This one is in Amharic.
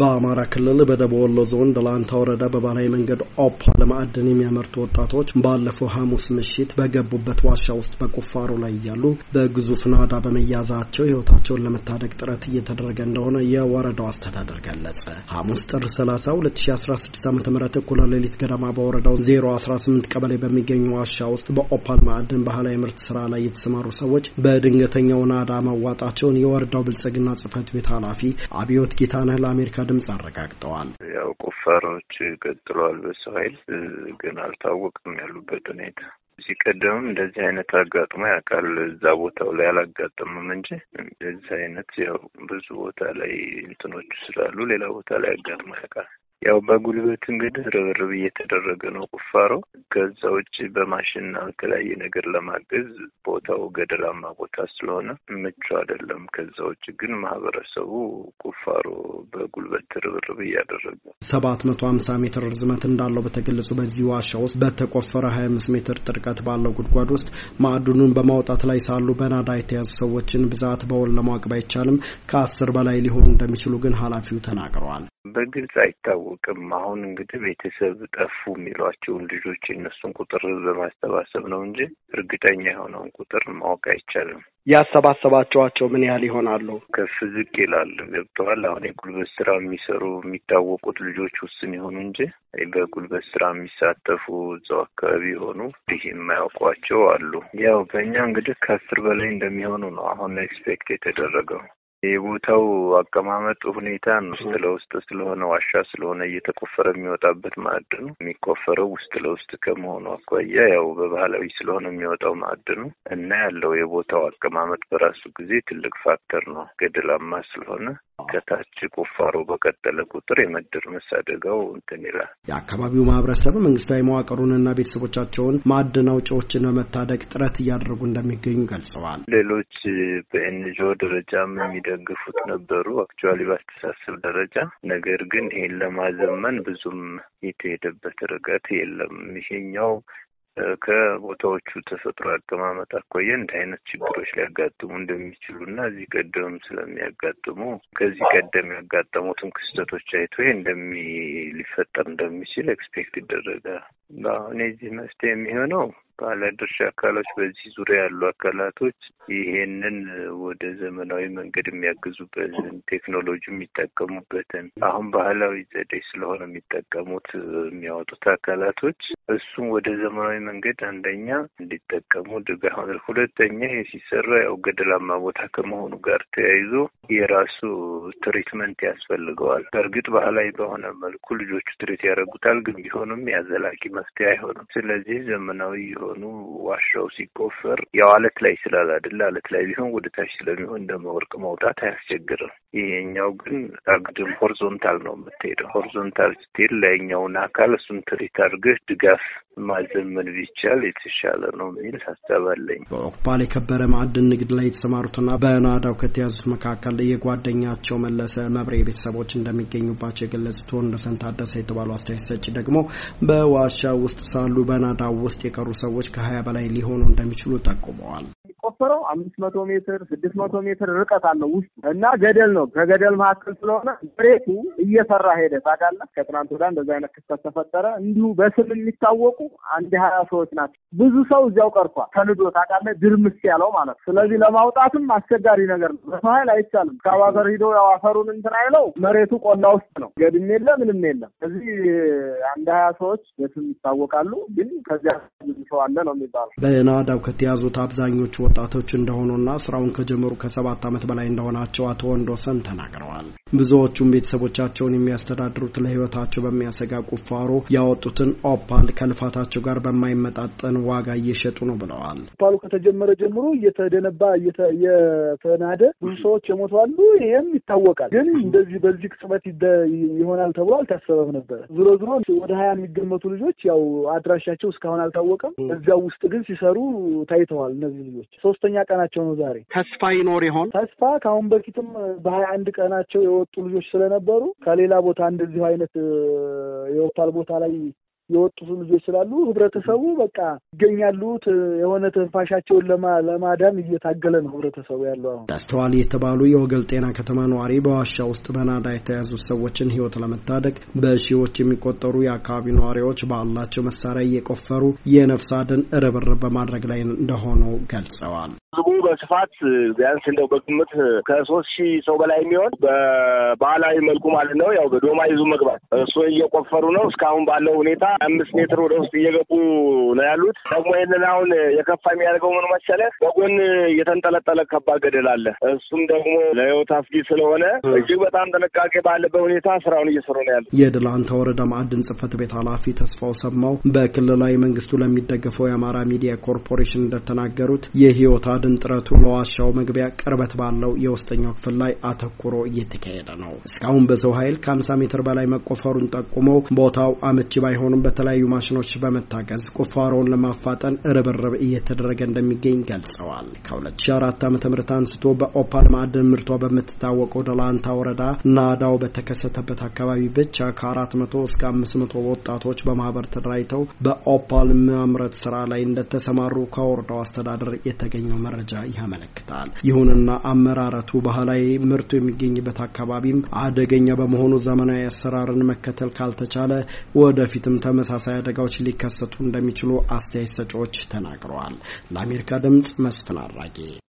በአማራ ክልል በደቡብ ወሎ ዞን ደላንታ ወረዳ በባህላዊ መንገድ ኦፓል ማዕድን የሚያመርቱ ወጣቶች ባለፈው ሐሙስ ምሽት በገቡበት ዋሻ ውስጥ በቁፋሮ ላይ እያሉ በግዙፍ ናዳ በመያዛቸው ህይወታቸውን ለመታደግ ጥረት እየተደረገ እንደሆነ የወረዳው አስተዳደር ገለጸ። ሐሙስ ጥር 30 2016 ዓ ም እኩለ ሌሊት ገደማ በወረዳው 018 ቀበሌ በሚገኙ ዋሻ ውስጥ በኦፓል ማዕድን ባህላዊ ምርት ስራ ላይ የተሰማሩ ሰዎች በድንገተኛው ናዳ መዋጣቸውን የወረዳው ብልጽግና ጽህፈት ቤት ኃላፊ አብዮት ጌታነህ ለአሜሪካ ድምፅ አረጋግጠዋል። ያው ቁፋሮች ቀጥለዋል። በሰው ኃይል ግን አልታወቅም ያሉበት ሁኔታ። ሲቀደምም እንደዚህ አይነት አጋጥሞ ያውቃል። እዛ ቦታው ላይ አላጋጠምም እንጂ እንደዚህ አይነት ያው ብዙ ቦታ ላይ እንትኖች ስላሉ ሌላ ቦታ ላይ አጋጥሞ ያውቃል። ያው በጉልበት እንግዲህ ርብርብ እየተደረገ ነው ቁፋሮ። ከዛ ውጭ በማሽንና በተለያየ ነገር ለማገዝ ቦታው ገደላማ ቦታ ስለሆነ ምቹ አይደለም። ከዛ ውጭ ግን ማህበረሰቡ ቁፋሮ በጉልበት ርብርብ እያደረገ ሰባት መቶ ሀምሳ ሜትር ርዝመት እንዳለው በተገለጹ በዚህ ዋሻ ውስጥ በተቆፈረ ሀያ አምስት ሜትር ጥልቀት ባለው ጉድጓድ ውስጥ ማዕድኑን በማውጣት ላይ ሳሉ በናዳ የተያዙ ሰዎችን ብዛት በውል ለማወቅ ባይቻልም ከአስር በላይ ሊሆኑ እንደሚችሉ ግን ኃላፊው ተናግረዋል። በግልጽ አይታወቅ አይታወቅም። አሁን እንግዲህ ቤተሰብ ጠፉ የሚሏቸውን ልጆች የነሱን ቁጥር በማሰባሰብ ነው እንጂ እርግጠኛ የሆነውን ቁጥር ማወቅ አይቻልም። ያሰባሰባቸዋቸው ምን ያህል ይሆናሉ? ከፍ ዝቅ ይላል። ገብተዋል። አሁን የጉልበት ስራ የሚሰሩ የሚታወቁት ልጆች ውስን ይሆኑ እንጂ በጉልበት ስራ የሚሳተፉ እዛው አካባቢ የሆኑ ይህ የማያውቋቸው አሉ። ያው በእኛ እንግዲህ ከአስር በላይ እንደሚሆኑ ነው አሁን ኤክስፔክት የተደረገው። የቦታው አቀማመጥ ሁኔታ ነው። ውስጥ ለውስጥ ስለሆነ ዋሻ ስለሆነ እየተቆፈረ የሚወጣበት ማዕድኑ የሚቆፈረው ውስጥ ለውስጥ ከመሆኑ አኳያ ያው በባህላዊ ስለሆነ የሚወጣው ማዕድኑ እና ያለው የቦታው አቀማመጥ በራሱ ጊዜ ትልቅ ፋክተር ነው። ገደላማ ስለሆነ ከታች ቁፋሮ በቀጠለ ቁጥር የመድር አደጋው እንትን ይላል። የአካባቢው ማህበረሰብ መንግስታዊ መዋቅሩንና ቤተሰቦቻቸውን ማዕድን አውጪዎችን በመታደግ ጥረት እያደረጉ እንደሚገኙ ገልጸዋል። ሌሎች በኤንጂኦ ደረጃም የሚደግፉት ነበሩ አክቹዋሊ በአስተሳሰብ ደረጃ ነገር ግን ይሄን ለማዘመን ብዙም የተሄደበት ርቀት የለም። ይሄኛው ከቦታዎቹ ተፈጥሮ አቀማመጥ አኳያ እንዲህ አይነት ችግሮች ሊያጋጥሙ እንደሚችሉ እና እዚህ ቀደም ስለሚያጋጥሙ ከዚህ ቀደም ያጋጠሙትም ክስተቶች አይቶ እንደሚ ሊፈጠር እንደሚችል ኤክስፔክት ይደረጋል እና እኔ እዚህ መፍትሄ የሚሆነው ባለድርሻ አካሎች በዚህ ዙሪያ ያሉ አካላቶች ይሄንን ወደ ዘመናዊ መንገድ የሚያግዙበትን ቴክኖሎጂ የሚጠቀሙበትን አሁን ባህላዊ ዘዴ ስለሆነ የሚጠቀሙት የሚያወጡት አካላቶች እሱም ወደ ዘመናዊ መንገድ አንደኛ እንዲጠቀሙ ድጋፍ፣ ሁለተኛ ይህ ሲሰራ ያው ገደላማ ቦታ ከመሆኑ ጋር ተያይዞ የራሱ ትሪትመንት ያስፈልገዋል። በእርግጥ ባህላዊ በሆነ መልኩ ልጆቹ ትሪት ያደርጉታል፣ ግን ቢሆንም ያዘላቂ መፍትሄ አይሆንም። ስለዚህ ዘመናዊ ስለሆኑ ዋሻው ሲቆፈር ያው አለት ላይ ስላል አደለ አለት ላይ ቢሆን ወደ ታች ስለሚሆን እንደ መወርቅ መውጣት አያስቸግርም። ይሄኛው ግን አግድም ሆሪዞንታል ነው የምትሄደው። ሆሪዞንታል ስትሄድ ላይኛውን አካል እሱን ትሪት አድርገህ ድጋፍ ማዘመን ቢቻል የተሻለ ነው የሚል ሀሳብ አለኝ። የከበረ ማዕድን ንግድ ላይ የተሰማሩትና በናዳው ከተያዙት መካከል የጓደኛቸው መለሰ መብሬ ቤተሰቦች እንደሚገኙባቸው የገለጹት ወንደሰን ታደሰ የተባሉ አስተያየት ሰጪ ደግሞ በዋሻ ውስጥ ሳሉ በናዳው ውስጥ የቀሩ ሰዎች ከሀያ በላይ ሊሆኑ እንደሚችሉ ጠቁመዋል። የሚቆፈረው አምስት መቶ ሜትር ስድስት መቶ ሜትር ርቀት አለው ውስጡ እና ገደል ነው። ከገደል መካከል ስለሆነ መሬቱ እየሰራ ሄደ። ታውቃለህ፣ ከትናንት ወዲያ እንደዚ አይነት ክስተት ተፈጠረ። እንዲሁ በስም የሚታወቁ አንድ ሀያ ሰዎች ናቸው። ብዙ ሰው እዚያው ቀርቷል። ተንዶ ታውቃለህ፣ ድርምስ ያለው ማለት ነው። ስለዚህ ለማውጣትም አስቸጋሪ ነገር ነው። በሰው ኃይል አይቻልም። ከባበር ሂዶ ያው አፈሩን እንትን አይለው መሬቱ ቆላ ውስጥ ነው። ገድም የለ ምንም የለም። እዚህ አንድ ሀያ ሰዎች በስም ይታወቃሉ። ግን ከዚያ ብዙ ሰው አለ ነው የሚባለው። በናዳው ከተያዙት አብዛኞቹ ወጣት ወጣቶች እንደሆኑና ስራውን ከጀመሩ ከሰባት ዓመት በላይ እንደሆናቸው አቶ ወንዶሰን ተናግረዋል። ብዙዎቹም ቤተሰቦቻቸውን የሚያስተዳድሩት ለህይወታቸው በሚያሰጋ ቁፋሮ ያወጡትን ኦፓል ከልፋታቸው ጋር በማይመጣጠን ዋጋ እየሸጡ ነው ብለዋል። ኦፓሉ ከተጀመረ ጀምሮ እየተደነባ የተናደ ብዙ ሰዎች የሞቷሉ። ይህም ይታወቃል። ግን እንደዚህ በዚህ ቅጽበት ይሆናል ተብሎ አልታሰበም ነበር። ዝሮ ዝሮ ወደ ሀያ የሚገመቱ ልጆች ያው አድራሻቸው እስካሁን አልታወቀም። እዚያው ውስጥ ግን ሲሰሩ ታይተዋል። እነዚህ ልጆች ሶስት ሶስተኛ ቀናቸው ነው ዛሬ። ተስፋ ይኖር ይሆን? ተስፋ ከአሁን በፊትም በሀያ አንድ ቀናቸው የወጡ ልጆች ስለነበሩ ከሌላ ቦታ እንደዚሁ አይነት የወፓል ቦታ ላይ የወጡ ልጆች ስላሉ ህብረተሰቡ በቃ ይገኛሉ። የሆነ ትንፋሻቸውን ለማዳን እየታገለ ነው ህብረተሰቡ ያለው። አሁን ዳስተዋል የተባሉ የወገል ጤና ከተማ ነዋሪ በዋሻ ውስጥ በናዳ የተያዙ ሰዎችን ህይወት ለመታደግ በሺዎች የሚቆጠሩ የአካባቢ ነዋሪዎች ባላቸው መሳሪያ እየቆፈሩ የነፍስ አድን ርብርብ በማድረግ ላይ እንደሆኑ ገልጸዋል። ህዝቡ በስፋት ቢያንስ እንደው በግምት ከሶስት ሺህ ሰው በላይ የሚሆን በባህላዊ መልኩ ማለት ነው ያው በዶማ ይዞ መግባት እሱ እየቆፈሩ ነው። እስካሁን ባለው ሁኔታ አምስት ሜትር ወደ ውስጥ እየገቡ ነው ያሉት። ደግሞ ይህንን አሁን የከፋ የሚያደርገው ምን መሰለህ፣ በጎን እየተንጠለጠለ ከባድ ገደል አለ። እሱም ደግሞ ለህይወት አስጊ ስለሆነ እጅግ በጣም ጥንቃቄ ባለበት ሁኔታ ስራውን እየሰሩ ነው ያሉት። የድላንታ ወረዳ ማዕድን ጽህፈት ቤት ኃላፊ ተስፋው ሰማው በክልላዊ መንግስቱ ለሚደገፈው የአማራ ሚዲያ ኮርፖሬሽን እንደተናገሩት የህይወት የማዕድን ጥረቱ ለዋሻው መግቢያ ቅርበት ባለው የውስጠኛው ክፍል ላይ አተኩሮ እየተካሄደ ነው። እስካሁን በሰው ኃይል ከ50 ሜትር በላይ መቆፈሩን ጠቁሞ ቦታው አመቺ ባይሆንም በተለያዩ ማሽኖች በመታገዝ ቁፋሮውን ለማፋጠን ርብርብ እየተደረገ እንደሚገኝ ገልጸዋል። ከ2004 ዓ ም አንስቶ በኦፓል ማዕድን ምርቷ በምትታወቀው ደላንታ ወረዳ ናዳው በተከሰተበት አካባቢ ብቻ ከ400 እስከ 500 ወጣቶች በማህበር ተደራጅተው በኦፓል ማምረት ስራ ላይ እንደተሰማሩ ከወረዳው አስተዳደር የተገኘው መረጃ ያመለክታል። ይሁንና አመራረቱ ባህላዊ ምርቱ የሚገኝበት አካባቢም አደገኛ በመሆኑ ዘመናዊ አሰራርን መከተል ካልተቻለ ወደፊትም ተመሳሳይ አደጋዎች ሊከሰቱ እንደሚችሉ አስተያየት ሰጪዎች ተናግረዋል። ለአሜሪካ ድምጽ መስፍን አራጌ